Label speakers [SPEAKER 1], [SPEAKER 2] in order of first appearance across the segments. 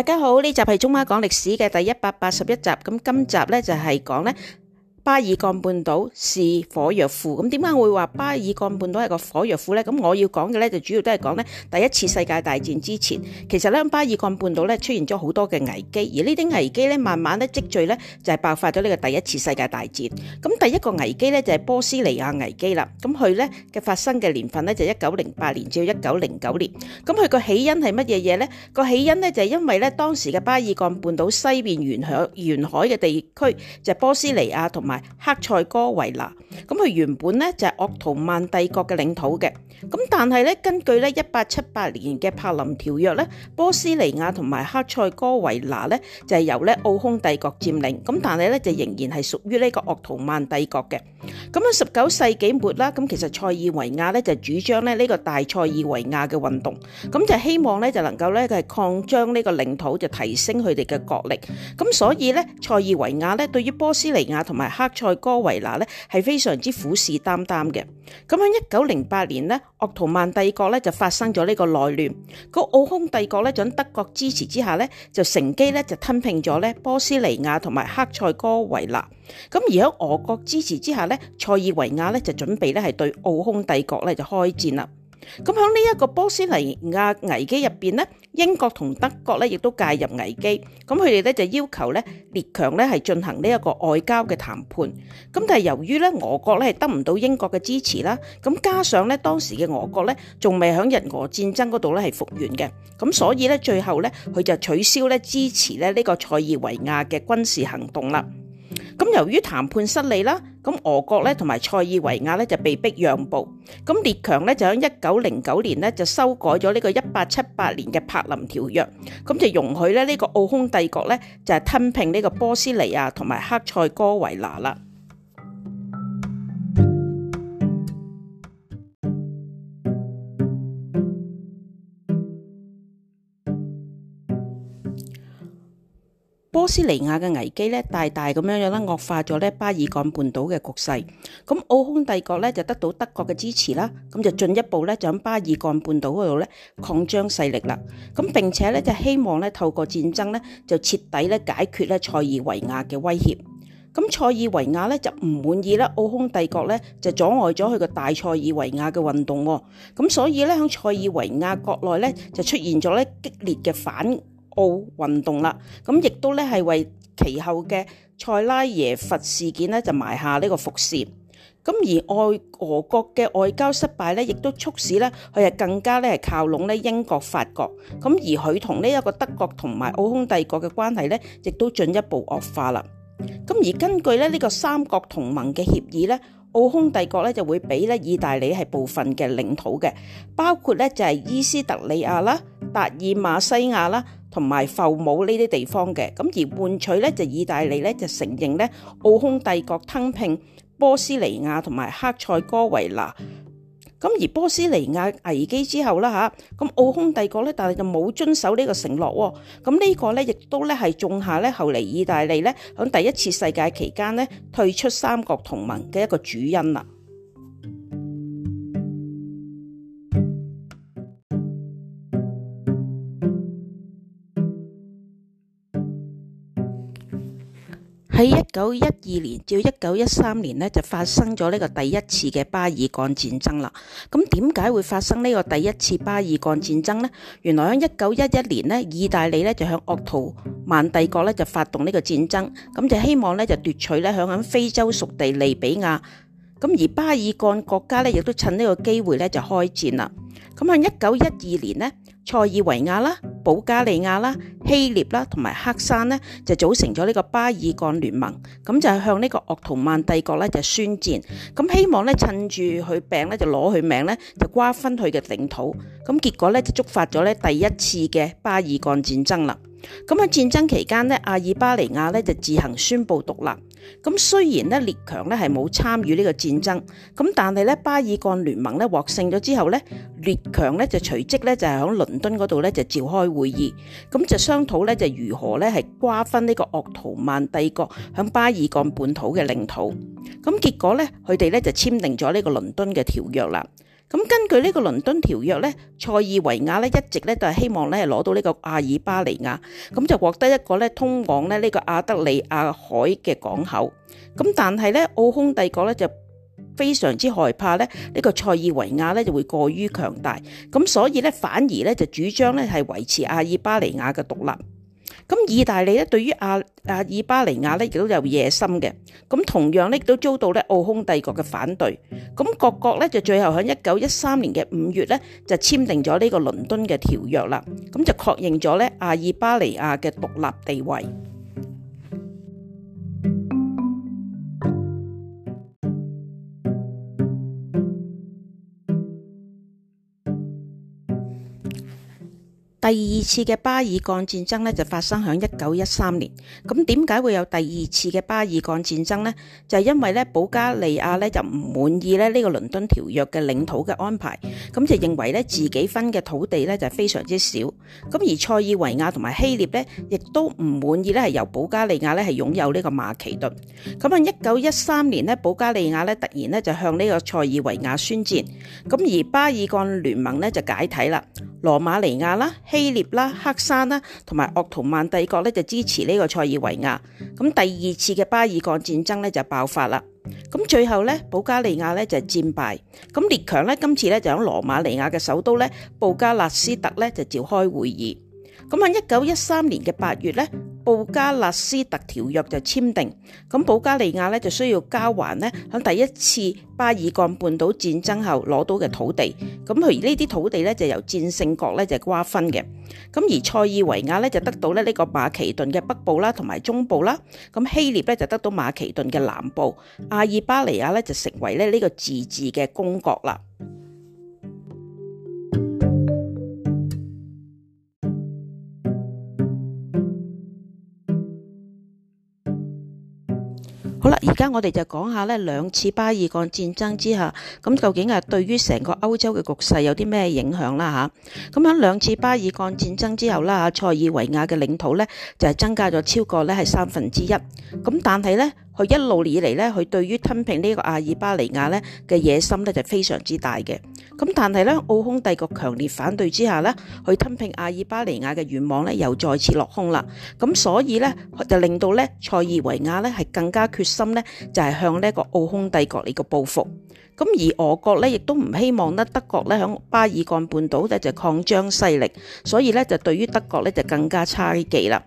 [SPEAKER 1] 大家好，呢集係鍾媽講歷史嘅第一百八十一集，咁今集咧就係講咧。巴爾幹半島是火藥庫，咁點解會話巴爾幹半島係個火藥庫呢？咁我要講嘅咧就主要都係講咧第一次世界大戰之前，其實咧巴爾幹半島咧出現咗好多嘅危機，而呢啲危機咧慢慢咧積聚咧就係、是、爆發咗呢個第一次世界大戰。咁第一個危機咧就係波斯尼亞危機啦。咁佢咧嘅發生嘅年份咧就係一九零八年至到一九零九年。咁佢個起因係乜嘢嘢咧？個起因咧就係因為咧當時嘅巴爾幹半島西邊沿響沿海嘅地區就係波斯尼亞同埋克塞哥維納，咁佢原本咧就係鄂圖曼帝國嘅領土嘅，咁但係咧根據咧一八七八年嘅柏林條約咧，波斯尼亞同埋黑塞哥維那咧就係由咧奧匈帝國佔領，咁但係咧就仍然係屬於呢個鄂圖曼帝國嘅。咁喺十九世紀末啦，咁其實塞爾維亞咧就主張咧呢個大塞爾維亞嘅運動，咁就希望咧就能夠咧佢擴張呢個領土，就提升佢哋嘅國力。咁所以咧塞爾維亞咧對於波斯尼亞同埋黑塞哥維納咧係非常之虎視眈眈嘅，咁喺一九零八年咧，奧圖曼帝國咧就發生咗呢個內亂，個奧匈帝國咧在德國支持之下咧就乘機咧就吞併咗咧波斯尼亞同埋黑塞哥維納，咁而喺俄國支持之下咧，塞爾維亞咧就準備咧係對奧匈帝國咧就開戰啦。咁喺呢一個波斯尼亞危機入邊咧，英國同德國咧亦都介入危機，咁佢哋咧就要求咧列強咧係進行呢一個外交嘅談判，咁但係由於咧俄國咧係得唔到英國嘅支持啦，咁加上咧當時嘅俄國咧仲未喺日俄戰爭嗰度咧係復原嘅，咁所以咧最後咧佢就取消咧支持咧呢個塞爾維亞嘅軍事行動啦，咁由於談判失利啦。咁俄國咧同埋塞爾維亞就被迫讓步，咁列強就喺一九零九年就修改咗呢個一八七八年嘅柏林條約，咁就容許咧呢個奧匈帝國就係吞併呢個波斯尼亞同埋黑塞哥維那啦。波斯尼亞嘅危機咧，大大咁樣樣咧惡化咗咧巴爾幹半島嘅局勢。咁奧匈帝國咧就得到德國嘅支持啦，咁就進一步咧就喺巴爾幹半島嗰度咧擴張勢力啦。咁並且咧就希望咧透過戰爭咧就徹底咧解決咧塞爾維亞嘅威脅。咁塞爾維亞咧就唔滿意咧奧匈帝國咧就阻礙咗佢個大塞爾維亞嘅運動。咁所以咧喺塞爾維亞國內咧就出現咗咧激烈嘅反奧運動啦，咁亦都咧係為其後嘅塞拉耶佛事件咧就埋下呢個伏線。咁而愛俄國嘅外交失敗咧，亦都促使咧佢係更加咧係靠攏咧英國、法國。咁而佢同呢一個德國同埋奧匈帝國嘅關係咧，亦都進一步惡化啦。咁而根據咧呢個三國同盟嘅協議咧。奧匈帝國咧就會俾咧意大利係部分嘅領土嘅，包括咧就係伊斯特里亞啦、達爾馬西亞啦、同埋阜姆呢啲地方嘅，咁而換取咧就意大利咧就承認咧奧匈帝國吞併波斯尼亞同埋黑塞哥維那。咁而波斯尼亞危機之後啦嚇，咁奧匈帝國咧，但係就冇遵守呢個承諾喎。咁呢個咧，亦都咧係種下咧後嚟意大利咧喺第一次世界期間咧退出三國同盟嘅一個主因啦。喺一九一二年至一九一三年咧，就發生咗呢個第一次嘅巴爾幹戰爭啦。咁點解會發生呢個第一次巴爾幹戰爭呢？原來喺一九一一年呢，意大利咧就向鄂圖曼帝國咧就發動呢個戰爭，咁就希望咧就奪取咧響非洲屬地利比亞。咁而巴爾幹國家呢，亦都趁呢個機會呢，就開戰啦。咁喺一九一二年呢，塞爾維亞啦、保加利亞啦、希臘啦同埋黑山呢，就組成咗呢個巴爾幹聯盟，咁就向呢個鄂圖曼帝國呢，就宣戰，咁希望呢，趁住佢病咧就攞佢命咧就瓜分佢嘅領土。咁結果咧就觸發咗咧第一次嘅巴爾幹戰爭啦。咁喺戰爭期間咧，阿爾巴尼亞咧就自行宣布獨立。咁雖然咧列強咧係冇參與呢個戰爭，咁但係咧巴爾幹聯盟咧獲勝咗之後咧，列強咧就隨即咧就係喺倫敦嗰度咧就召開會議，咁就商討咧就如何咧係瓜分呢個奧圖曼帝國響巴爾幹本土嘅領土。咁結果咧佢哋咧就簽訂咗呢個倫敦嘅條約啦。咁根據呢個倫敦條約咧，塞爾維亞咧一直咧都係希望咧攞到呢個亞爾巴尼亞，咁就獲得一個咧通往咧呢個亞德里亞海嘅港口。咁但係咧奧匈帝國咧就非常之害怕咧呢個塞爾維亞咧就會過於強大，咁所以咧反而咧就主張咧係維持亞爾巴尼亞嘅獨立。咁意大利咧對於阿阿爾巴尼亞咧亦都有野心嘅，咁同樣咧亦都遭到咧奧匈帝國嘅反對，咁各國咧就最後喺一九一三年嘅五月咧就簽訂咗呢個倫敦嘅條約啦，咁就確認咗咧阿爾巴尼亞嘅獨立地位。第二次嘅巴爾幹戰爭咧就發生喺一九一三年。咁點解會有第二次嘅巴爾幹戰爭呢？就係因為咧保加利亞咧就唔滿意咧呢個倫敦條約嘅領土嘅安排，咁就認為咧自己分嘅土地咧就非常之少。咁而塞爾維亞同埋希臘咧，亦都唔滿意咧係由保加利亞咧係擁有呢個馬其頓。咁啊，一九一三年咧，保加利亞咧突然咧就向呢個塞爾維亞宣戰。咁而巴爾幹聯盟咧就解體啦。羅馬尼亞啦、希臘啦、黑山啦，同埋鄂圖曼帝國咧就支持呢個塞爾維亞。咁第二次嘅巴爾幹戰爭咧就爆發啦。咁最後咧，保加利亞咧就戰敗。咁列強咧今次咧就喺羅馬尼亞嘅首都咧，布加勒斯特咧就召開會議。咁喺一九一三年嘅八月咧。布加勒斯特條約就簽訂，咁保加利亞咧就需要交還呢喺第一次巴爾幹半島戰爭後攞到嘅土地，咁佢如呢啲土地咧就由戰勝國咧就瓜分嘅，咁而塞爾維亞咧就得到咧呢個馬其頓嘅北部啦同埋中部啦，咁希臘咧就得到馬其頓嘅南部，阿爾巴尼亞咧就成為咧呢個自治嘅公國啦。而家我哋就講下咧兩次巴爾幹戰爭之下，咁究竟啊對於成個歐洲嘅局勢有啲咩影響啦嚇？咁喺兩次巴爾幹戰爭之後啦，啊塞爾維亞嘅領土咧就係增加咗超過咧係三分之一，咁但係咧。佢一路以嚟咧，佢對於吞併呢個亞爾巴尼亞咧嘅野心咧就非常之大嘅。咁但係咧，奧匈帝國強烈反對之下咧，佢吞併亞爾巴尼亞嘅願望咧又再次落空啦。咁所以咧就令到咧塞爾維亞咧係更加決心咧就係向呢個奧匈帝國嚟個報復。咁而俄國咧亦都唔希望咧德國咧喺巴爾幹半島咧就擴張勢力，所以咧就對於德國咧就更加猜忌啦。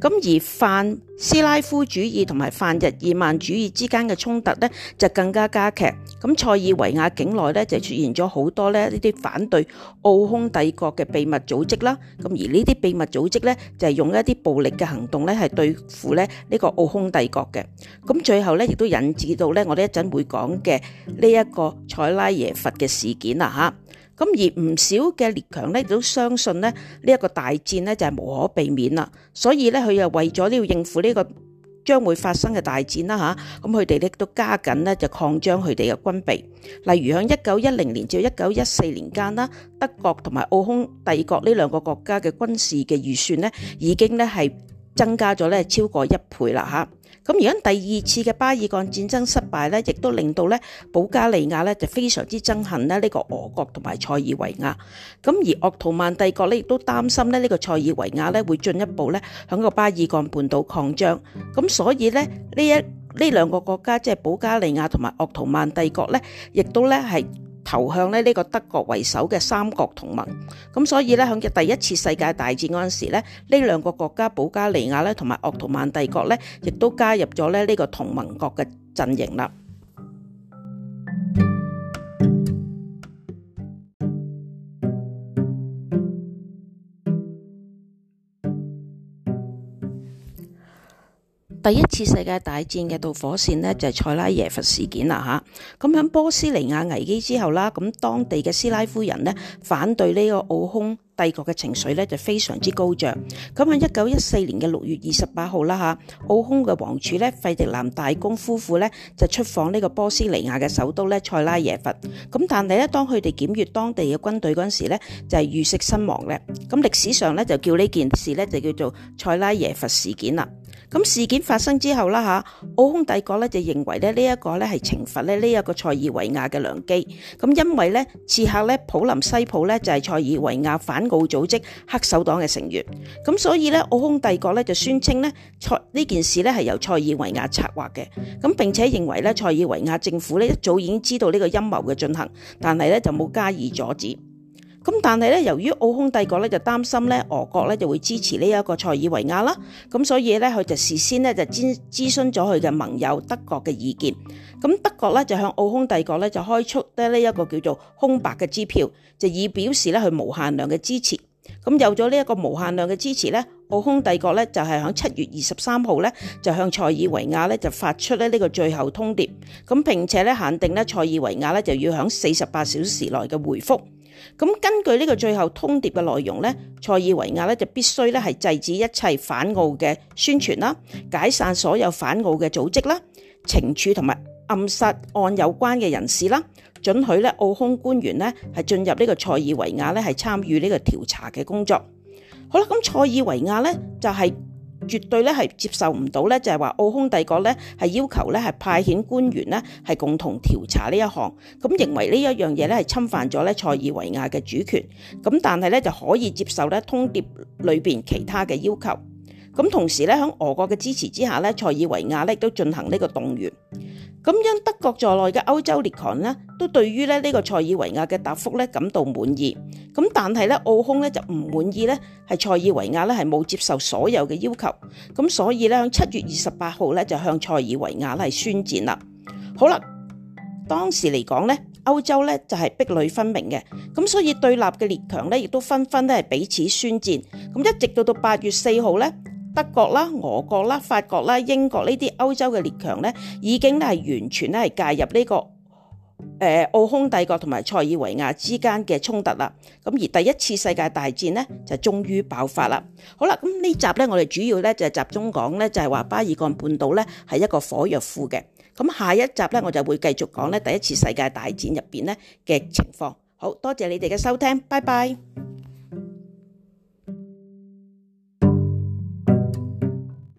[SPEAKER 1] 咁而泛斯拉夫主義同埋泛日耳曼主義之間嘅衝突咧，就更加加劇。咁塞爾維亞境內咧就出現咗好多咧呢啲反對奧匈帝國嘅秘密組織啦。咁而呢啲秘密組織咧，就係用一啲暴力嘅行動咧，係對付咧呢個奧匈帝國嘅。咁最後咧，亦都引致到咧我哋一陣會講嘅呢一個塞拉耶佛嘅事件啦嚇。咁而唔少嘅列強咧，都相信咧呢一個大戰咧就係無可避免啦，所以咧佢又為咗呢要應付呢個將會發生嘅大戰啦吓，咁佢哋咧都加緊咧就擴張佢哋嘅軍備，例如喺一九一零年至一九一四年間啦，德國同埋奧匈帝國呢兩個國家嘅軍事嘅預算咧已經咧係增加咗咧超過一倍啦吓。咁而家第二次嘅巴爾幹戰爭失敗咧，亦都令到咧保加利亞咧就非常之憎恨咧呢個俄國同埋塞爾維亞。咁而鄂圖曼帝國咧亦都擔心咧呢個塞爾維亞咧會進一步咧響個巴爾幹半島擴張。咁所以咧呢一呢兩個國家即係保加利亞同埋鄂圖曼帝國咧，亦都咧係，投向呢個德國為首嘅三國同盟，咁所以咧響第一次世界大戰嗰陣時咧，呢兩個國家保加利亞咧同埋鄂圖曼帝國咧，亦都加入咗咧呢個同盟國嘅陣營啦。第一次世界大戰嘅導火線呢，就係塞拉耶佛事件啦吓，咁喺波斯尼亞危機之後啦，咁當地嘅斯拉夫人呢，反對呢個奧匈帝國嘅情緒呢，就非常之高漲。咁喺一九一四年嘅六月二十八號啦吓，奧匈嘅皇儲呢，費迪南大公夫婦呢，就出訪呢個波斯尼亞嘅首都咧塞拉耶佛。咁但係咧，當佢哋檢閲當地嘅軍隊嗰陣時咧，就遇刺身亡咧。咁歷史上咧就叫呢件事咧就叫做塞拉耶佛事件啦。咁事件發生之後啦嚇，奧匈帝國咧就認為咧呢一個咧係懲罰咧呢一個塞爾維亞嘅良機。咁因為咧刺客咧普林西普咧就係塞爾維亞反奧組織黑手黨嘅成員，咁所以咧奧匈帝國咧就宣稱咧塞呢件事咧係由塞爾維亞策劃嘅，咁並且認為咧塞爾維亞政府咧一早已經知道呢個陰謀嘅進行，但係咧就冇加以阻止。咁但係咧，由於奧匈帝國咧就擔心咧俄國咧就會支持呢一個塞爾維亞啦，咁所以咧佢就事先咧就諮諮詢咗佢嘅盟友德國嘅意見。咁德國咧就向奧匈帝國咧就開出咧呢一個叫做空白嘅支票，就以表示咧佢無限量嘅支持。咁有咗呢一個無限量嘅支持咧，奧匈帝國咧就係喺七月二十三號咧就向塞爾維亞咧就發出咧呢個最後通牒，咁並且咧限定咧塞爾維亞咧就要喺四十八小時內嘅回覆。咁根據呢個最後通牒嘅內容咧，塞爾維亞咧就必須咧係制止一切反奧嘅宣傳啦，解散所有反奧嘅組織啦，懲處同埋暗殺案有關嘅人士啦，准許咧奧匈官員咧係進入呢個塞爾維亞咧係參與呢個調查嘅工作。好啦，咁塞爾維亞咧就係、是。絕對咧係接受唔到咧，就係話奧匈帝國咧係要求咧係派遣官員咧係共同調查呢一項，咁認為呢一樣嘢咧係侵犯咗咧塞爾維亞嘅主權，咁但係咧就可以接受咧通牒裏面其他嘅要求。咁同時咧，喺俄國嘅支持之下咧，塞爾維亞咧都進行呢個動員。咁因德國在內嘅歐洲列強呢，都對於咧呢個塞爾維亞嘅答覆咧感到滿意。咁但係咧，奧匈咧就唔滿意咧，係塞爾維亞咧係冇接受所有嘅要求。咁所以咧，喺七月二十八號咧就向塞爾維亞咧係宣戰啦。好啦，當時嚟講咧，歐洲咧就係壁壘分明嘅，咁所以對立嘅列強咧亦都紛紛咧係彼此宣戰。咁一直到到八月四號咧。德國啦、俄國啦、法國啦、英國呢啲歐洲嘅列強咧，已經咧係完全咧係介入呢個誒奧匈帝國同埋塞爾維亞之間嘅衝突啦。咁而第一次世界大戰咧就終於爆發啦。好啦，咁呢集咧我哋主要咧就集中講咧就係話巴爾幹半島咧係一個火藥庫嘅。咁下一集咧我就會繼續講咧第一次世界大戰入邊咧嘅情況。好，多謝你哋嘅收聽，拜拜。